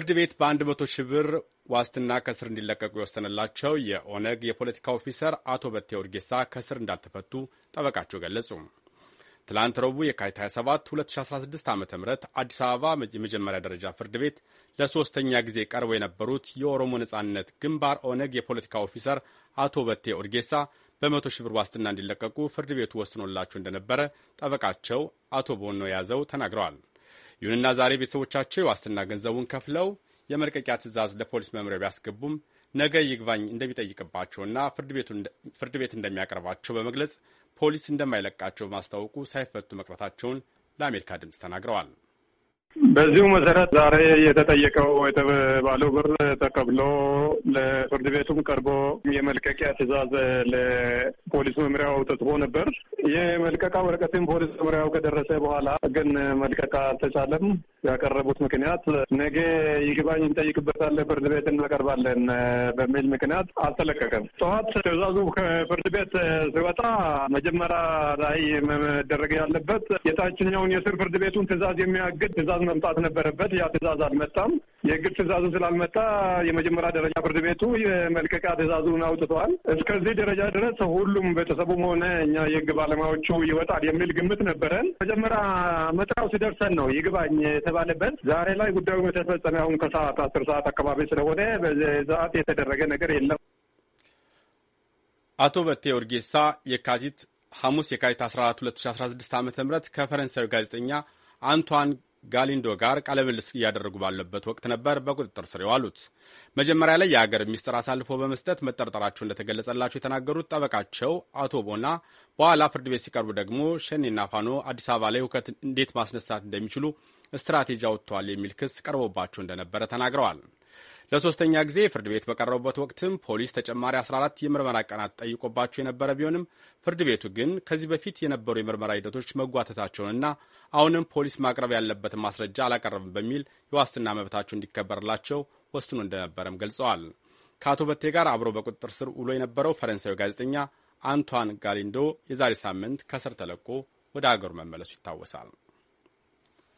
ፍርድ ቤት በአንድ መቶ ሺህ ብር ዋስትና ከስር እንዲለቀቁ የወሰነላቸው የኦነግ የፖለቲካ ኦፊሰር አቶ በቴ ኡርጌሳ ከስር እንዳልተፈቱ ጠበቃቸው ገለጹ። ትላንት ረቡዕ የካቲት 27 2016 ዓ ም አዲስ አበባ የመጀመሪያ ደረጃ ፍርድ ቤት ለሶስተኛ ጊዜ ቀርበው የነበሩት የኦሮሞ ነጻነት ግንባር ኦነግ የፖለቲካ ኦፊሰር አቶ በቴ ኡርጌሳ በመቶ ሺህ ብር ዋስትና እንዲለቀቁ ፍርድ ቤቱ ወስኖላቸው እንደነበረ ጠበቃቸው አቶ ቦኖ ያዘው ተናግረዋል። ይሁንና ዛሬ ቤተሰቦቻቸው የዋስትና ገንዘቡን ከፍለው የመልቀቂያ ትዕዛዝ ለፖሊስ መምሪያ ቢያስገቡም ነገ ይግባኝ እንደሚጠይቅባቸውና ፍርድ ቤት እንደሚያቀርባቸው በመግለጽ ፖሊስ እንደማይለቃቸው በማስታወቁ ሳይፈቱ መቅረታቸውን ለአሜሪካ ድምፅ ተናግረዋል። በዚሁ መሰረት ዛሬ የተጠየቀው የተባለው ብር ተቀብሎ ለፍርድ ቤቱም ቀርቦ የመልቀቂያ ትዕዛዝ ለፖሊስ መምሪያው ተጽፎ ነበር። የመልቀቃ ወረቀትም ፖሊስ መምሪያው ከደረሰ በኋላ ግን መልቀቅ አልተቻለም። ያቀረቡት ምክንያት ነገ ይግባኝ እንጠይቅበታለን ፍርድ ቤት እናቀርባለን በሚል ምክንያት አልተለቀቀም። ጠዋት ትዕዛዙ ከፍርድ ቤት ሲወጣ መጀመሪያ ላይ መደረግ ያለበት የታችኛውን የስር ፍርድ ቤቱን ትዕዛዝ የሚያግድ ትዕዛዝ መምጣት ነበረበት። ያ ትዕዛዝ አልመጣም። የእግድ ትእዛዙ ስላልመጣ የመጀመሪያ ደረጃ ፍርድ ቤቱ የመልቀቂያ ትእዛዙን አውጥተዋል። እስከዚህ ደረጃ ድረስ ሁሉም ቤተሰቡም ሆነ እኛ የህግ ባለሙያዎቹ ይወጣል የሚል ግምት ነበረን። መጀመሪያ መጥራው ሲደርሰን ነው ይግባኝ የተባለበት። ዛሬ ላይ ጉዳዩ የተፈጸመ አሁን ከሰዓት አስር ሰዓት አካባቢ ስለሆነ በዚህ የተደረገ ነገር የለም። አቶ በቴ ኦርጌሳ የካቲት ሐሙስ የካቲት 14 2016 ዓ ም ከፈረንሳዊ ጋዜጠኛ አንቷን ጋሊንዶ ጋር ቃለምልልስ እያደረጉ ባለበት ወቅት ነበር በቁጥጥር ስር የዋሉት። መጀመሪያ ላይ የአገር ሚስጥር አሳልፎ በመስጠት መጠርጠራቸው እንደተገለጸላቸው የተናገሩት ጠበቃቸው አቶ ቦና በኋላ ፍርድ ቤት ሲቀርቡ ደግሞ ሸኔና ፋኖ አዲስ አበባ ላይ ሁከት እንዴት ማስነሳት እንደሚችሉ ስትራቴጂ አውጥተዋል የሚል ክስ ቀርቦባቸው እንደነበረ ተናግረዋል። ለሶስተኛ ጊዜ ፍርድ ቤት በቀረቡበት ወቅትም ፖሊስ ተጨማሪ 14 የምርመራ ቀናት ጠይቆባቸው የነበረ ቢሆንም ፍርድ ቤቱ ግን ከዚህ በፊት የነበሩ የምርመራ ሂደቶች መጓተታቸውንና አሁንም ፖሊስ ማቅረብ ያለበትን ማስረጃ አላቀረብም በሚል የዋስትና መብታቸው እንዲከበርላቸው ወስኖ እንደነበረም ገልጸዋል። ከአቶ በቴ ጋር አብሮ በቁጥጥር ስር ውሎ የነበረው ፈረንሳዊ ጋዜጠኛ አንቷን ጋሊንዶ የዛሬ ሳምንት ከእስር ተለቆ ወደ አገሩ መመለሱ ይታወሳል።